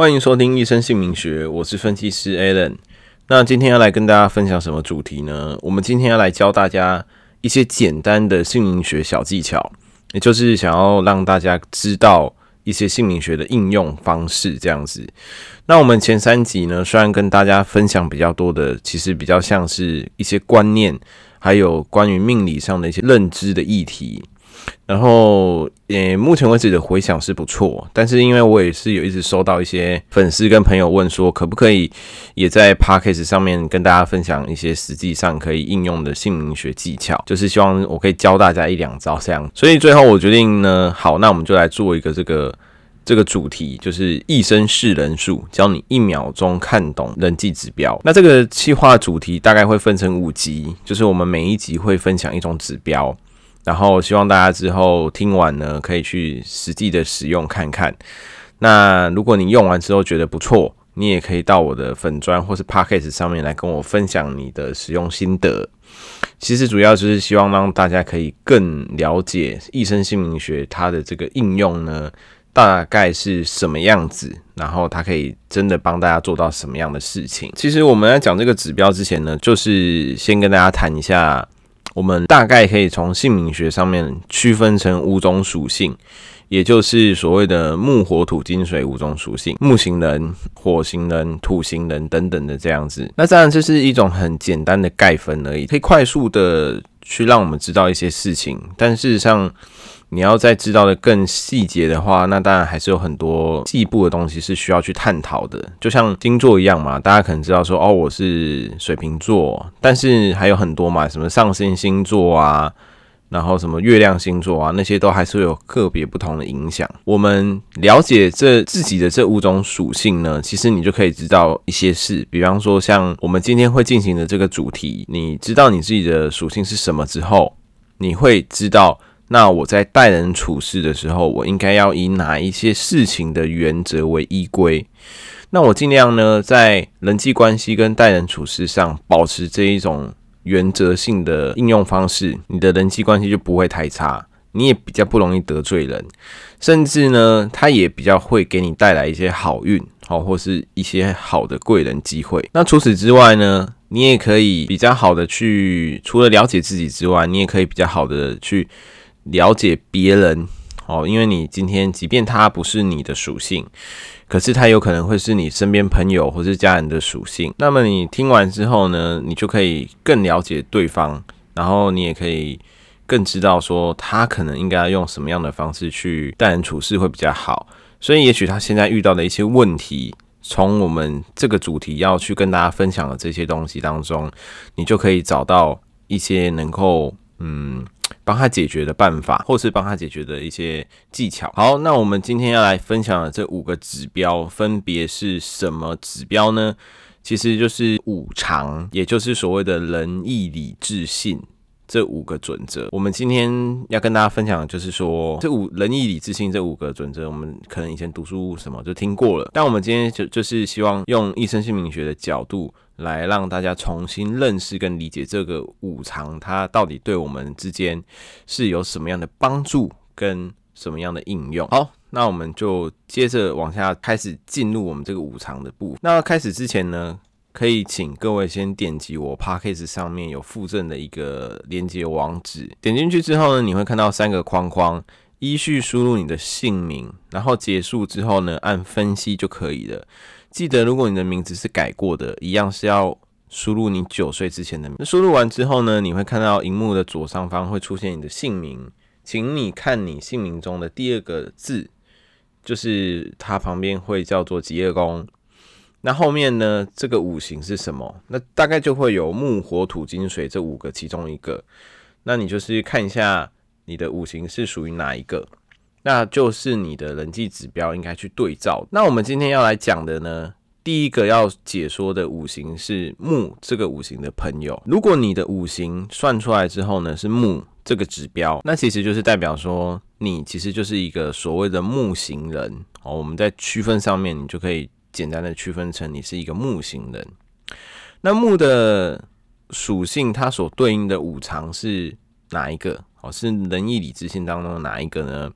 歡迎收聽《易生姓名學》，我是分析師 Alan。那今天要來跟大家分享什麼主題呢？我們今天要來教大家一些簡單的姓名學小技巧，也就是想要讓大家知道一些姓名學的應用方式。這樣子，那我們前三集呢，雖然跟大家分享比較多的，其實比較像是一些觀念，還有關於命理上的一些認知的議題。然後，也、欸、目前為止的回響是不錯，但是因為我也是有一直收到一些粉絲跟朋友問說，可不可以也在 Podcast 上面跟大家分享一些實際上可以應用的姓名學技巧，就是希望我可以教大家一兩招。這樣，所以最後我決定呢，好，那我們就來做一個這個這個主題，就是易生識人術，教你一秒鐘看懂人際指標。那這個企劃主題大概會分成五集，就是我們每一集會分享一種指標。然後希望大家之後聽完呢，可以去實際的使用看看。那如果你用完之後覺得不錯，你也可以到我的粉專或是 Podcast 上面來跟我分享你的使用心得。其實主要就是希望讓大家可以更了解易生姓名學它的這個應用呢，大概是什麼樣子，然後它可以真的幫大家做到什麼樣的事情。其實我們在講這個指標之前呢，就是先跟大家談一下。我們大概可以從姓名學上面區分成五種屬性，也就是所謂的木、火、土、金、水五種屬性，木型人、火型人、土型人等等的這樣子。那當然這是一種很簡單的概分而已，可以快速的去讓我們知道一些事情，但事實上。你要再知道的更細節的話，那當然還是有很多進一步的東西是需要去探討的。就像星座一樣嘛，大家可能知道說哦，我是水瓶座，但是還有很多嘛，什麼上升星座啊，然後什麼月亮星座啊，那些都還是會有個別不同的影響。我們了解這自己的這五種屬性呢，其實你就可以知道一些事。比方說，像我們今天會進行的這個主題，你知道你自己的屬性是什麼之後，你會知道。那我在待人處事的時候，我應該要以哪一些事情的原則為依歸？那我盡量呢，在人際關係跟待人處事上保持這一種原則性的應用方式，你的人際關係就不會太差，你也比較不容易得罪人，甚至呢，他也比較會給你帶來一些好運，好或是一些好的貴人機會。那除此之外呢，你也可以比較好的去，除了了解自己之外，你也可以比較好的去。了解別人哦，因為你今天即便他不是你的屬性，可是他有可能會是你身邊朋友或是家人的屬性。那麼你聽完之後呢，你就可以更了解對方，然後你也可以更知道說他可能應該用什麼樣的方式去待人處事會比較好。所以也許他現在遇到的一些問題，從我們這個主題要去跟大家分享的這些東西當中，你就可以找到一些能夠。嗯，幫他解決的辦法，或是幫他解決的一些技巧。好，那我們今天要來分享的這五個指標分別是什麼指標呢？其實就是五常，也就是所謂的仁義禮智信。這五個準則，我們今天要跟大家分享的，就是說這五仁義禮智信這五個準則，我們可能以前讀書什麼就聽過了，但我們今天就就是希望用易生姓名學的角度來讓大家重新認識跟理解這個五常，它到底對我們之間是有什麼樣的幫助跟什麼樣的應用。好，那我們就接着往下開始進入我們這個五常的步。那開始之前呢？可以請各位先點擊我 podcast 上面有附贈的一個連接網址，點進去之後呢，你會看到三個框框，依序輸入你的姓名，然後結束之後呢，按分析就可以了。記得如果你的名字是改過的，一樣是要輸入你九歲之前的名字。那輸入完之後呢，你會看到熒幕的左上方會出現你的姓名，請你看你姓名中的第二個字，就是它旁邊會叫做疾厄宮。那後面呢？這個五行是什麼？那大概就會有木、火、土、金、水這五個其中一個。那你就是看一下你的五行是屬於哪一個，那就是你的人際指標應該去對照。那我們今天要來講的呢，第一個要解說的五行是木這個五行的朋友。如果你的五行算出來之後呢，是木這個指標，那其實就是代表說你其實就是一個所謂的木型人哦。我們在區分上面，你就可以，簡單的區分成你是一個木型人，那木的屬性它所對應的五常是哪一個？哦，是仁義禮智信當中的哪一個呢？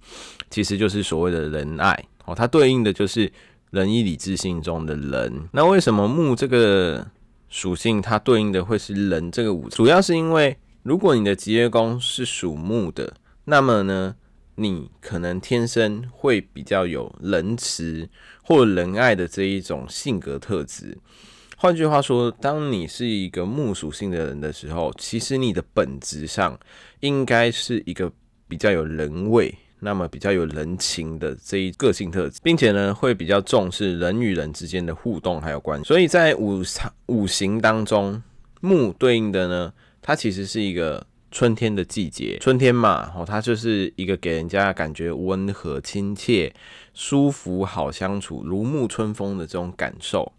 其實就是所謂的仁愛，哦，它對應的就是仁義禮智信中的仁。那為什麼木這個屬性它對應的會是仁、這個五常？主要是因為如果你的職業宮是屬木的，那麼呢，你可能天生會比較有仁慈或仁愛的這一種性格特質。換句話說，當你是一個木屬性的人的時候，其實你的本質上應該是一個比較有人味，那麼比較有人情的這一個性特質，並且呢，會比較重視人與人之間的互動還有關係。所以在五常五行當中，木對應的呢，它其實是一個，春天的季節，春天嘛，哦，它就是一個給人家感覺溫和、親切、舒服、好相處、如沐春風的這種感受，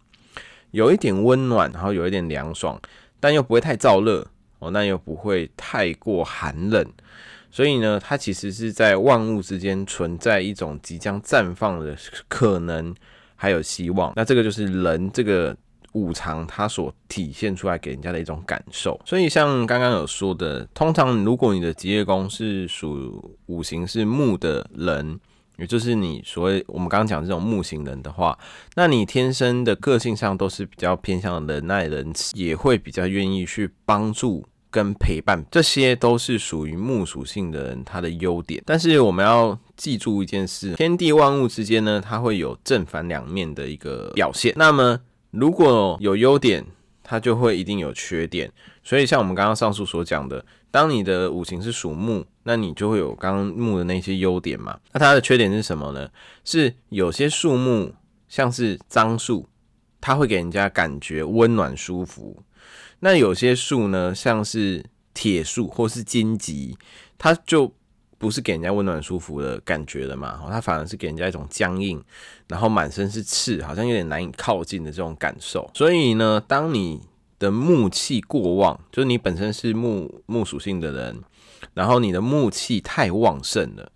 有一點溫暖，然後有一點涼爽，但又不會太燥熱，哦，那又不會太過寒冷，所以呢，它其實是在萬物之間存在一種即將綻放的可能，還有希望。那這個就是人這個。五常它所體現出來給人家的一種感受，所以像剛剛有說的，通常如果你的職業宮是屬五行是木的人，也就是你所謂我們剛剛講這種木型人的話，那你天生的個性上都是比較偏向仁愛、仁慈，也會比較願意去幫助跟陪伴，這些都是屬於木屬性的人他的優點。但是我們要記住一件事，天地萬物之間呢，它會有正反兩面的一個表現。那麼如果有優點，它就會一定有缺點。所以像我們剛剛上述所講的，當你的五行是屬木，那你就會有剛木的那些優點嘛。那它的缺點是什麼呢？是有些樹木，像是樟樹，它會給人家感覺溫暖舒服。那有些樹呢，像是鐵樹或是荊棘，它就。不是給人家溫暖舒服的感覺的嘛？它反而是給人家一種僵硬，然後滿身是刺，好像有點難以靠近的這種感受。所以呢，當你的木氣過旺，就是你本身是木木屬性的人，然後你的木氣太旺盛了，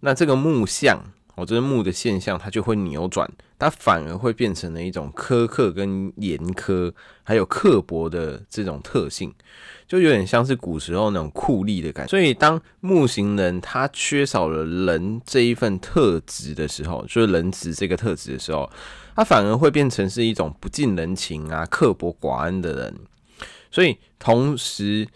那這個木像，我、哦、這是木的現象，它就會扭轉，它反而會變成了一種苛刻，跟嚴苛，還有刻薄的這種特性，就有點像是古時候那種酷吏的感覺。所以，當木型人他缺少了仁這一份特質的時候，就是仁慈這個特質的時候，他反而會變成是一種不近人情啊、刻薄寡恩的人。所以，同時，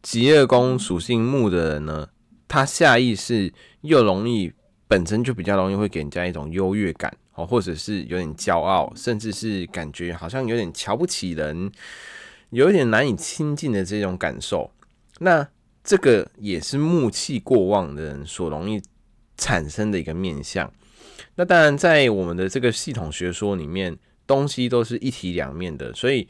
極惡宮屬性木的人呢，他下意識又容易。本身就比較容易會給人家一種優越感哦，或者是有點驕傲，甚至是感覺好像有點瞧不起人，有一點難以親近的這種感受。那這個也是木氣過旺的人所容易產生的一個面相。那當然，在我們的這個系統學說裡面，東西都是一體兩面的，所以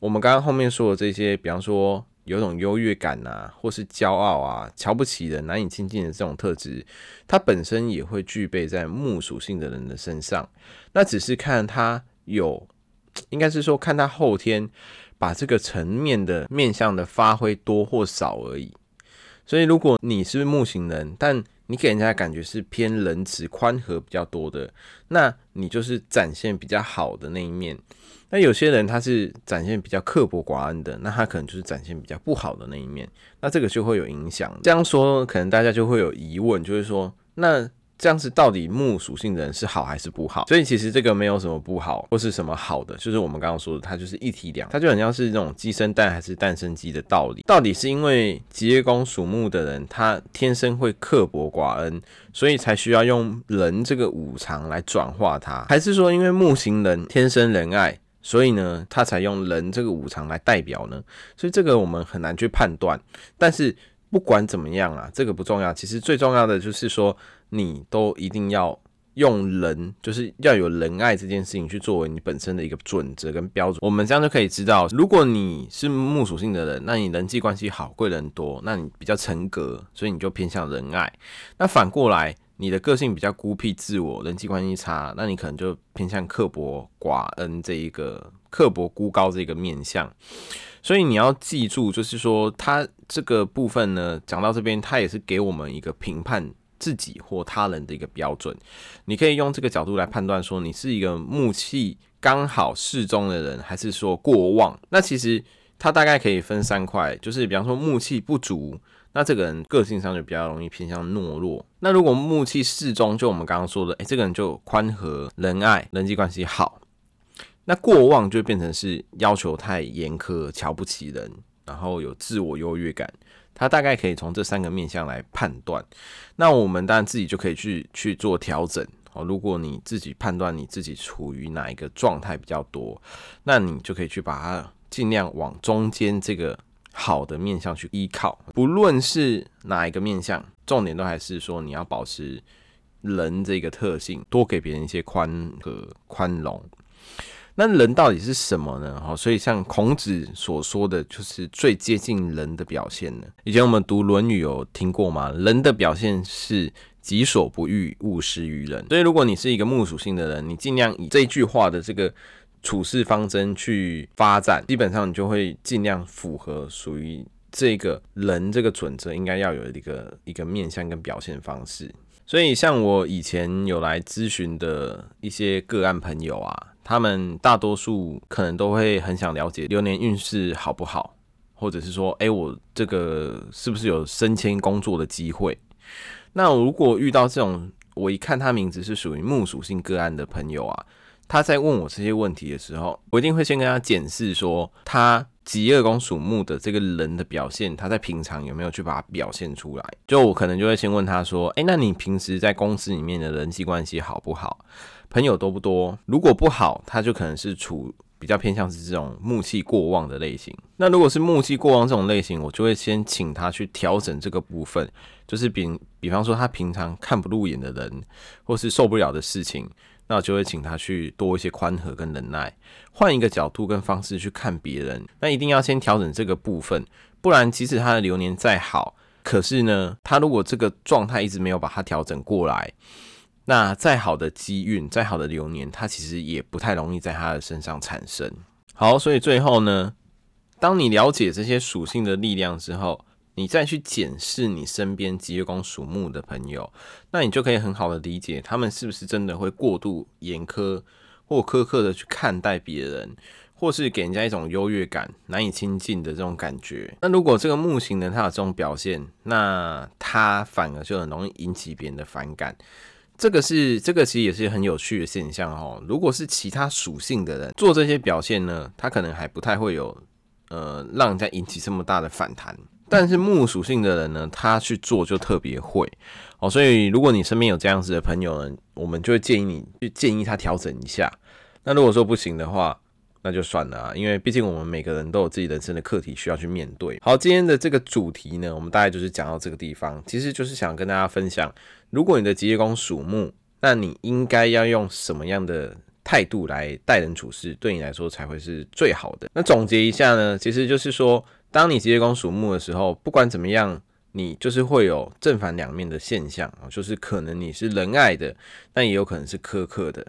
我們剛剛後面說的這些，比方說。有種優越感吶、啊，或是驕傲啊，瞧不起人，難以親近的這種特質，它本身也會具備在木屬性的人的身上。那只是看他有，應該是說看他後天把這個層面的面相的發揮多或少而已。所以，如果你是木型人，但你給人家的感覺是偏仁慈、寬和比較多的，那你就是展現比較好的那一面。那有些人他是展現比較刻薄寡恩的，那他可能就是展現比較不好的那一面，那這個就會有影響。這樣說，可能大家就會有疑問，就是說，那這樣子到底木屬性的人是好還是不好？所以其實這個沒有什麼不好或是什麼好的，就是我們剛剛說的，他就是一體兩，他就很像是那種雞生蛋還是蛋生雞的道理。到底是因為結業宮屬木的人，他天生會刻薄寡恩，所以才需要用仁這個五常來轉化他，還是說因為木型人天生仁愛？所以呢，他才用仁這個五常來代表呢。所以這個我們很難去判斷。但是不管怎麼樣啊，這個不重要。其實最重要的就是說，你都一定要用仁，就是要有仁愛這件事情去作為你本身的一個準則跟標準。我們這樣就可以知道，如果你是木屬性的人，那你人際關係好，貴人多，那你比較成格，所以你就偏向仁愛。那反過來。你的個性比較孤僻、自我，人際關係差，那你可能就偏向刻薄、寡恩，這一個刻薄、孤高這一個面相。所以你要記住，就是說他這個部分呢，講到這邊，他也是給我們一個評判自己或他人的一個標準。你可以用這個角度來判斷，說你是一個木氣剛好適中的人，還是說過旺。那其實它大概可以分三塊，就是比方說木氣不足。那這個人個性上就比較容易偏向懦弱。那如果木氣適中，就我們剛剛說的，哎、欸，這個人就寬和仁愛，人際關係好。那過旺就變成是要求太嚴苛、瞧不起人，然後有自我優越感。他大概可以從這三個面向來判斷。那我們當然自己就可以去去做調整哦。如果你自己判斷你自己處於哪一個狀態比較多，那你就可以去把它盡量往中間這個好的面相去依靠，不論是哪一個面相，重點都還是說，你要保持人這個特性，多給別人一些寬和寬容。那人到底是什麼呢？哈，所以像孔子所說的就是最接近人的表現呢。以前我們讀《論語》有聽過嗎？人的表現是“己所不欲，勿施於人”。所以，如果你是一個木屬性的人，你盡量以這句話的這個處事方針去發展，基本上你就會盡量符合屬於這個人這個準則，應該要有一個一個面向跟表現方式。所以，像我以前有來諮詢的一些個案朋友啊，他們大多數可能都會很想了解流年運勢好不好，或者是說，哎、欸，我這個是不是有升遷工作的機會？那如果遇到這種，我一看他名字是屬於木屬性個案的朋友啊。他在問我這些問題的時候，我一定會先跟他解釋說，他極惡宮屬木的這個人的表現，他在平常有沒有去把它表現出來。就我可能就會先問他說，誒、欸，那你平時在公司裡面的人際關係好不好？朋友多不多？如果不好，他就可能是處比較偏向是這種木氣過旺的類型。那如果是木氣過旺這種類型，我就會先請他去調整這個部分，就是比比方說他平常看不入眼的人，或是受不了的事情，那我就會請他去多一些寬和跟忍耐，換一個角度跟方式去看別人。那一定要先調整這個部分，不然即使他的流年再好，可是呢，他如果這個狀態一直沒有把它調整過來，那再好的機運、再好的流年，他其實也不太容易在他的身上產生。好，所以最後呢，當你了解這些屬性的力量之後，你再去檢視你身邊吉月宮屬木的朋友，那你就可以很好的理解他們是不是真的會過度嚴苛或苛刻的去看待別人，或是給人家一種優越感、難以親近的這種感覺。那如果這個木型人他有這種表現，那他反而就很容易引起別人的反感。這個是這個其實也是很有趣的現象哦、喔。如果是其他屬性的人做這些表現呢，他可能還不太會有呃讓人家引起這麼大的反彈。但是木屬性的人呢，他去做就特別會哦，所以如果你身邊有這樣子的朋友呢，我們就會建議你去建議他調整一下。那如果說不行的話，那就算了啊，因為畢竟我們每個人都有自己人生的課題需要去面對。好，今天的這個主題呢，我們大概就是講到這個地方，其實就是想跟大家分享，如果你的基業宮屬木，那你應該要用什麼樣的態度來待人處事，對你來說才會是最好的。那總結一下呢，其實就是說。當你職業宮屬木的時候，不管怎麼樣，你就是會有正反兩面的現象啊，就是可能你是仁愛的，但也有可能是苛刻的。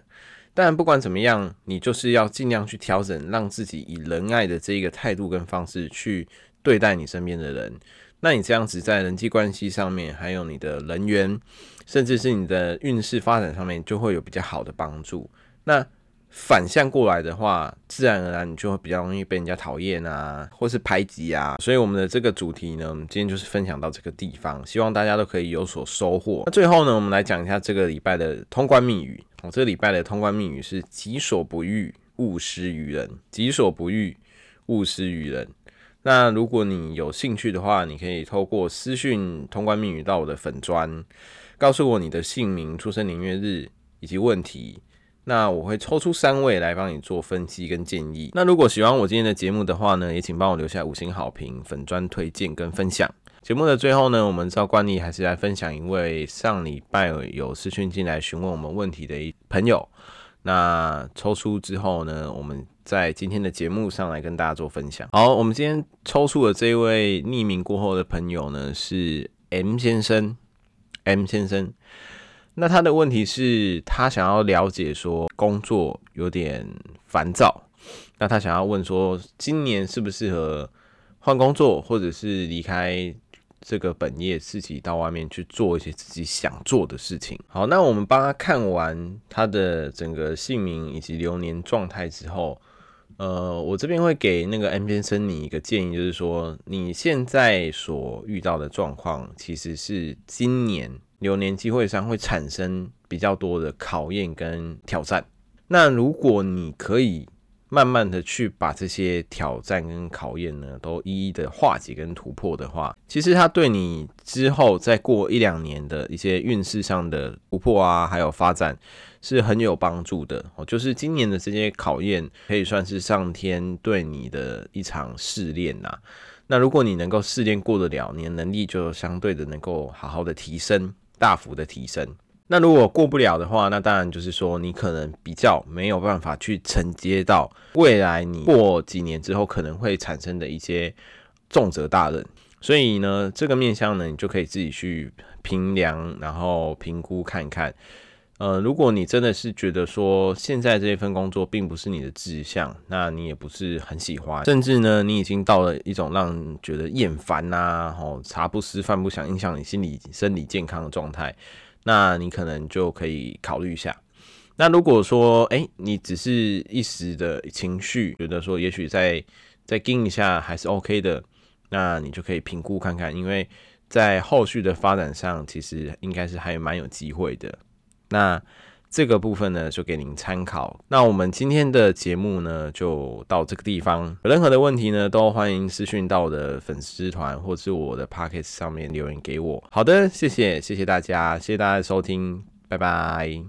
但不管怎麼樣，你就是要儘量去調整，讓自己以仁愛的這一個態度跟方式去對待你身邊的人。那你這樣子在人際關係上面，還有你的人緣，甚至是你的運勢發展上面，就會有比較好的幫助。那反向過來的話，自然而然你就會比較容易被人家討厭啊，或是排擠啊。所以我們的這個主題呢，我們今天就是分享到這個地方，希望大家都可以有所收穫。那最後呢，我們來講一下這個禮拜的通關密語。我、哦、這個禮拜的通關密語是“己所不欲，勿施於人”。己所不欲，勿施於人。那如果你有興趣的話，你可以透過私訊通關密語到我的粉專，告訴我你的姓名、出生年月日以及問題。那我會抽出三位來幫你做分析跟建議。那如果喜歡我今天的節目的話呢，也請幫我留下五星好評、粉專推薦跟分享。節目的最後呢，我們照慣例還是來分享一位上禮拜有私訊進來詢問我們問題的朋友。那抽出之後呢，我們在今天的節目上來跟大家做分享。好，我們今天抽出的這位匿名過後的朋友呢，是 M 先生，M 先生。那他的問題是，他想要了解說工作有點煩躁，那他想要問說今年適不適合換工作，或者是離開這個本業，自己到外面去做一些自己想做的事情。好，那我們幫他看完他的整個姓名以及流年狀態之後，呃，我這邊會給那個 M 先生你一個建議，就是說你現在所遇到的狀況，其實是今年。流年機會上會產生比較多的考驗跟挑戰，那如果你可以慢慢的去把這些挑戰跟考驗呢，都一一的化解跟突破的話，其實它對你之後再過一兩年的一些運勢上的突破啊，還有發展是很有幫助的。哦，就是今年的這些考驗可以算是上天對你的一場試煉吶。那如果你能夠試煉過得了，你的能力就相對的能夠好好的提升。大幅的提升。那如果過不了的話，那當然就是說你可能比較沒有辦法去承接到未來你過幾年之後可能會產生的一些重責大任。所以呢，這個面相呢，你就可以自己去評量，然後評估看看。呃，如果你真的是覺得說現在這一份工作並不是你的志向，那你也不是很喜歡，甚至呢，你已經到了一種讓你覺得厭煩吶，吼，茶不思飯不想，影響你心理生理健康的狀態，那你可能就可以考慮一下。那如果說，哎、欸，你只是一時的情緒，覺得說也許再再撐一下還是 OK 的，那你就可以評估看看，因為在後續的發展上，其實應該是還蠻有機會的。那這個部分呢，就給您參考。那我們今天的節目呢，就到這個地方。任何的問題呢，都歡迎私訊到我的粉絲團，或者是我的 Pockets 上面留言給我。好的，謝謝，謝謝大家，謝謝大家的收聽，拜拜。